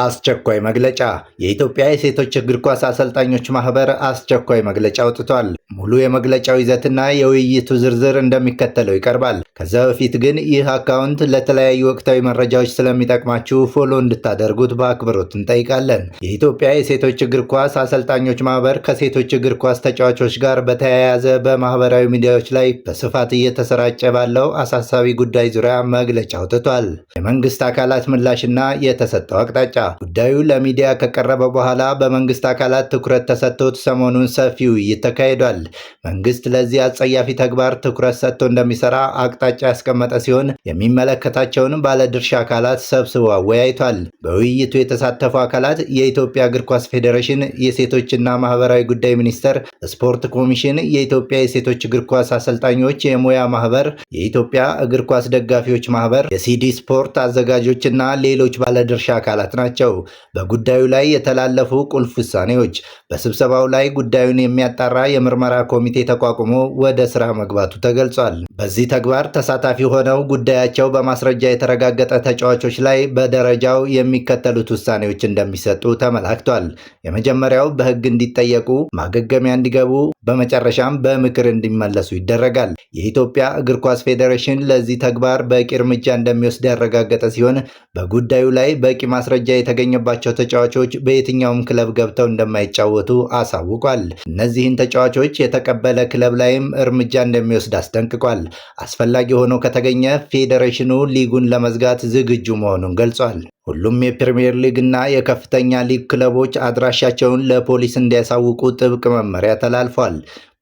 አስቸኳይ መግለጫ የኢትዮጵያ የሴቶች እግር ኳስ አሰልጣኞች ማህበር አስቸኳይ መግለጫ አውጥቷል። ሙሉ የመግለጫው ይዘትና የውይይቱ ዝርዝር እንደሚከተለው ይቀርባል። ከዛ በፊት ግን ይህ አካውንት ለተለያዩ ወቅታዊ መረጃዎች ስለሚጠቅማችሁ ፎሎ እንድታደርጉት በአክብሮት እንጠይቃለን። የኢትዮጵያ የሴቶች እግር ኳስ አሰልጣኞች ማህበር ከሴቶች እግር ኳስ ተጫዋቾች ጋር በተያያዘ በማህበራዊ ሚዲያዎች ላይ በስፋት እየተሰራጨ ባለው አሳሳቢ ጉዳይ ዙሪያ መግለጫ አውጥቷል። የመንግስት አካላት ምላሽና የተሰጠው አቅጣጫ ጉዳዩ ለሚዲያ ከቀረበ በኋላ በመንግስት አካላት ትኩረት ተሰጥቶት ሰሞኑን ሰፊ ውይይት ተካሂዷል። ይላል። መንግስት ለዚህ አጸያፊ ተግባር ትኩረት ሰጥቶ እንደሚሰራ አቅጣጫ ያስቀመጠ ሲሆን የሚመለከታቸውንም ባለድርሻ አካላት ሰብስቦ አወያይቷል። በውይይቱ የተሳተፉ አካላት የኢትዮጵያ እግር ኳስ ፌዴሬሽን፣ የሴቶችና ማህበራዊ ጉዳይ ሚኒስቴር፣ ስፖርት ኮሚሽን፣ የኢትዮጵያ የሴቶች እግር ኳስ አሰልጣኞች የሙያ ማህበር፣ የኢትዮጵያ እግር ኳስ ደጋፊዎች ማህበር፣ የሲዲ ስፖርት አዘጋጆችና ሌሎች ባለድርሻ አካላት ናቸው። በጉዳዩ ላይ የተላለፉ ቁልፍ ውሳኔዎች በስብሰባው ላይ ጉዳዩን የሚያጣራ የምርማ ምርመራ ኮሚቴ ተቋቁሞ ወደ ስራ መግባቱ ተገልጿል። በዚህ ተግባር ተሳታፊ ሆነው ጉዳያቸው በማስረጃ የተረጋገጠ ተጫዋቾች ላይ በደረጃው የሚከተሉት ውሳኔዎች እንደሚሰጡ ተመላክቷል። የመጀመሪያው በህግ እንዲጠየቁ፣ ማገገሚያ እንዲገቡ፣ በመጨረሻም በምክር እንዲመለሱ ይደረጋል። የኢትዮጵያ እግር ኳስ ፌዴሬሽን ለዚህ ተግባር በቂ እርምጃ እንደሚወስድ ያረጋገጠ ሲሆን በጉዳዩ ላይ በቂ ማስረጃ የተገኘባቸው ተጫዋቾች በየትኛውም ክለብ ገብተው እንደማይጫወቱ አሳውቋል። እነዚህን ተጫዋቾች የተቀበለ ክለብ ላይም እርምጃ እንደሚወስድ አስጠንቅቋል። አስፈላጊ ሆኖ ከተገኘ ፌዴሬሽኑ ሊጉን ለመዝጋት ዝግጁ መሆኑን ገልጿል። ሁሉም የፕሪምየር ሊግ እና የከፍተኛ ሊግ ክለቦች አድራሻቸውን ለፖሊስ እንዲያሳውቁ ጥብቅ መመሪያ ተላልፏል።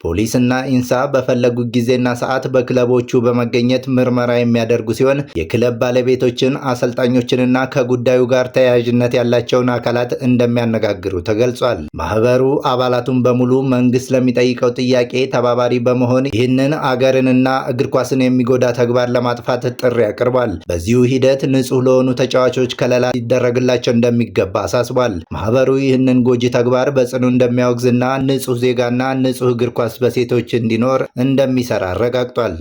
ፖሊስና ኢንሳ በፈለጉት ጊዜና ሰዓት በክለቦቹ በመገኘት ምርመራ የሚያደርጉ ሲሆን የክለብ ባለቤቶችን፣ አሰልጣኞችንና ከጉዳዩ ጋር ተያያዥነት ያላቸውን አካላት እንደሚያነጋግሩ ተገልጿል። ማህበሩ አባላቱን በሙሉ መንግስት ለሚጠይቀው ጥያቄ ተባባሪ በመሆን ይህንን አገርንና እግር ኳስን የሚጎዳ ተግባር ለማጥፋት ጥሪ አቅርቧል። በዚሁ ሂደት ንጹህ ለሆኑ ተጫዋቾች ከለላ ሊደረግላቸው እንደሚገባ አሳስቧል። ማህበሩ ይህንን ጎጂ ተግባር በጽኑ እንደሚያወግዝና ንጹህ ዜጋና ንጹህ እግር ኳስ በሴቶች እንዲኖር እንደሚሰራ አረጋግጧል።